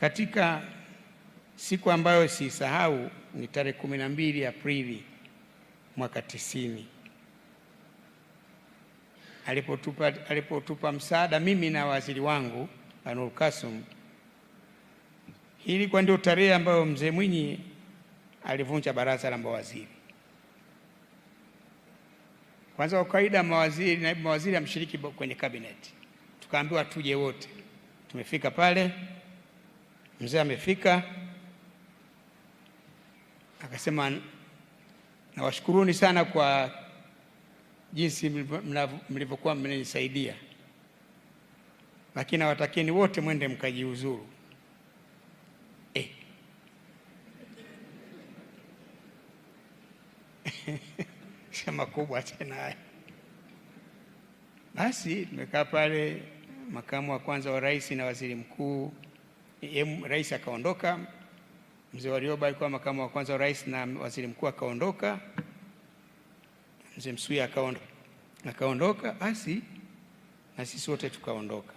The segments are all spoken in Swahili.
Katika siku ambayo siisahau ni tarehe kumi na mbili Aprili mwaka tisini alipotupa, alipotupa msaada mimi na waziri wangu Anur Kasum. Hii ilikuwa ndio tarehe ambayo mzee Mwinyi alivunja baraza la mawaziri. Kwanza kwa kawaida mawaziri, naibu mawaziri amshiriki kwenye kabineti, tukaambiwa tuje wote. Tumefika pale Mzee amefika akasema, nawashukuruni sana kwa jinsi mlivyokuwa mmenisaidia, lakini nawatakieni wote mwende mkajiuzuru. Eh. Sema kubwa tena. Basi tumekaa pale, makamu wa kwanza wa rais na waziri mkuu rais akaondoka, mzee Warioba alikuwa makamu wa kwanza wa rais na waziri mkuu akaondoka, mzee Msuya akaondoka, basi na sisi wote tukaondoka.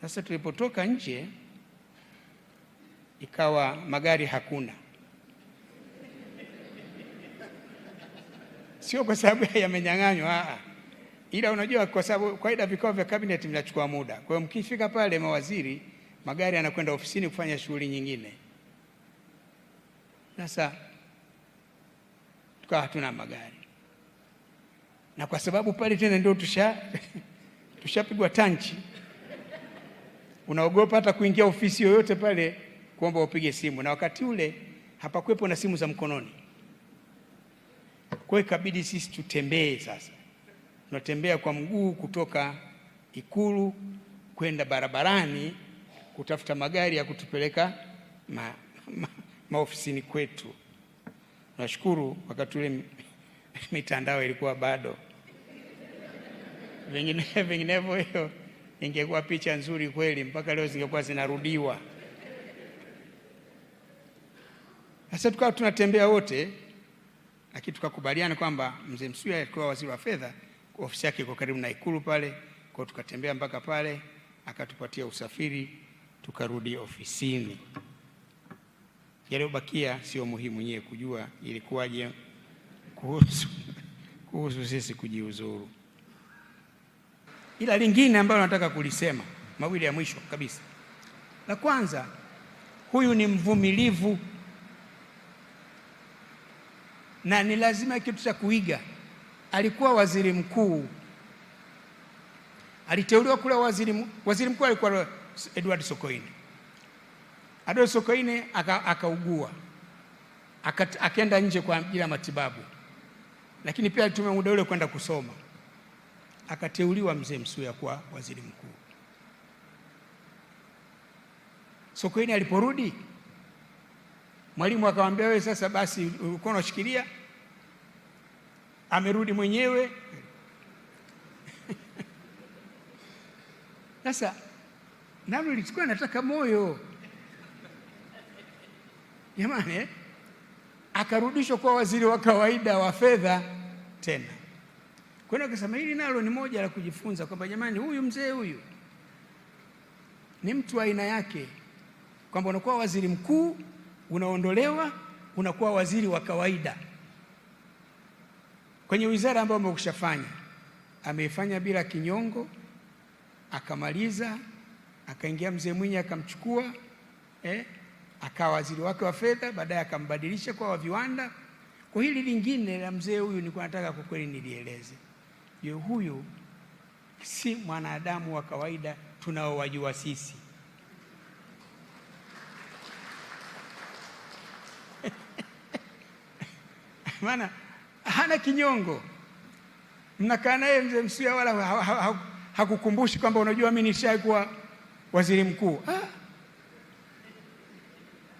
Sasa tulipotoka nje, ikawa magari hakuna, sio kwa sababu yamenyang'anywa, ah, ah. ila unajua, kwa sababu kawaida vikao vya kabineti vinachukua muda. Kwa hiyo mkifika pale mawaziri magari yanakwenda ofisini kufanya shughuli nyingine. Sasa tukawa hatuna magari, na kwa sababu pale tena ndio tusha tushapigwa tanchi, unaogopa hata kuingia ofisi yoyote pale kuomba upige simu, na wakati ule hapakuwepo na simu za mkononi. Kwa hiyo ikabidi sisi tutembee. Sasa tunatembea kwa mguu kutoka Ikulu kwenda barabarani kutafuta magari ya kutupeleka ma, ma, maofisini kwetu. Nashukuru wakati ule mitandao ilikuwa bado, vinginevyo hiyo ingekuwa picha nzuri kweli, mpaka leo zingekuwa zinarudiwa. Sasa tukawa tunatembea wote, lakini tukakubaliana kwamba mzee Msuya alikuwa waziri wa fedha, ofisi yake iko karibu na Ikulu pale kwao, tukatembea mpaka pale akatupatia usafiri tukarudi ofisini. Yaliyobakia sio muhimu nyewe kujua ilikuwaje kuhusu, kuhusu sisi kujiuzuru. Ila lingine ambalo nataka kulisema mawili ya mwisho kabisa, la kwanza, huyu ni mvumilivu na ni lazima kitu cha kuiga. Alikuwa waziri mkuu, aliteuliwa kule waziri, waziri mkuu alikuwa Edward Sokoine. Edward Sokoine akaugua aka akaenda aka nje kwa ajili ya matibabu, lakini pia alitumia muda ule kwenda kusoma. Akateuliwa mzee Msuya kuwa waziri mkuu. Sokoine aliporudi, Mwalimu akamwambia wewe sasa basi ulikuwa unashikilia, amerudi mwenyewe sasa nalo lilikuwa nataka moyo jamani eh? Akarudishwa kuwa waziri wa kawaida wa fedha tena. Kwa hiyo akasema hili nalo ni moja la kujifunza kwamba jamani, huyu mzee huyu ni mtu wa aina yake, kwamba unakuwa waziri mkuu, unaondolewa, unakuwa waziri wa kawaida kwenye wizara ambayo amekushafanya ameifanya bila kinyongo, akamaliza. Akaingia mzee Mwinyi akamchukua eh, akawa waziri wake wa fedha, baadaye akambadilisha kwa wa viwanda. Kwa hili lingine la mzee huyu nilikuwa nataka kwa kweli nilieleze, je, huyu si mwanadamu wa kawaida tunaowajua sisi. maana hana kinyongo. Mnakaa naye mzee Msuya wala hakukumbushi ha, ha, ha, kwamba unajua mimi nishaikuwa waziri mkuu ah!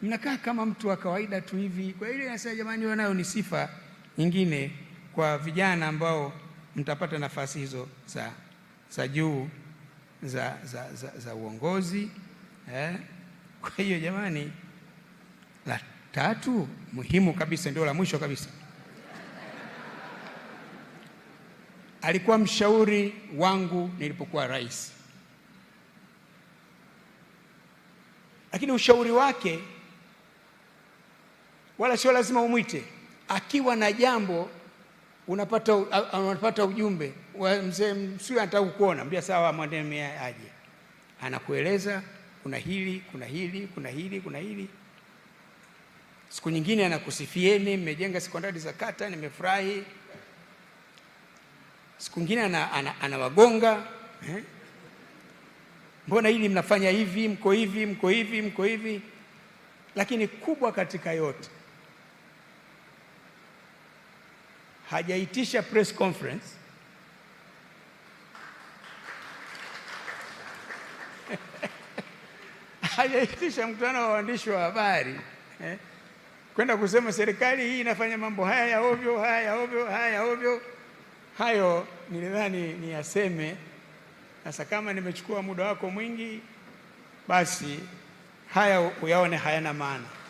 mnakaa kama mtu wa kawaida tu hivi. Kwa hiyo nasema jamani, hiyo nayo ni sifa nyingine kwa vijana ambao mtapata nafasi hizo za, za juu za, za, za, za uongozi eh. Kwa hiyo jamani, la tatu muhimu kabisa, ndio la mwisho kabisa, alikuwa mshauri wangu nilipokuwa rais Lakini ushauri wake wala sio lazima umwite. Akiwa na jambo unapata, unapata ujumbe mzee msio anataka kukuona, mbia sawa, mwandeme aje, anakueleza kuna hili kuna hili kuna hili kuna hili. Siku nyingine anakusifieni, mmejenga sekondari za kata, nimefurahi. Siku nyingine anawagonga ana, ana eh? mbona hili mnafanya hivi, mko hivi, mko hivi, mko hivi. Lakini kubwa katika yote hajaitisha press conference hajaitisha mkutano wa waandishi wa habari eh, kwenda kusema serikali hii inafanya mambo haya ya ovyo, haya ya ovyo, haya ya ovyo. Hayo nilidhani niyaseme. Sasa kama nimechukua muda wako mwingi, basi haya uyaone hayana maana.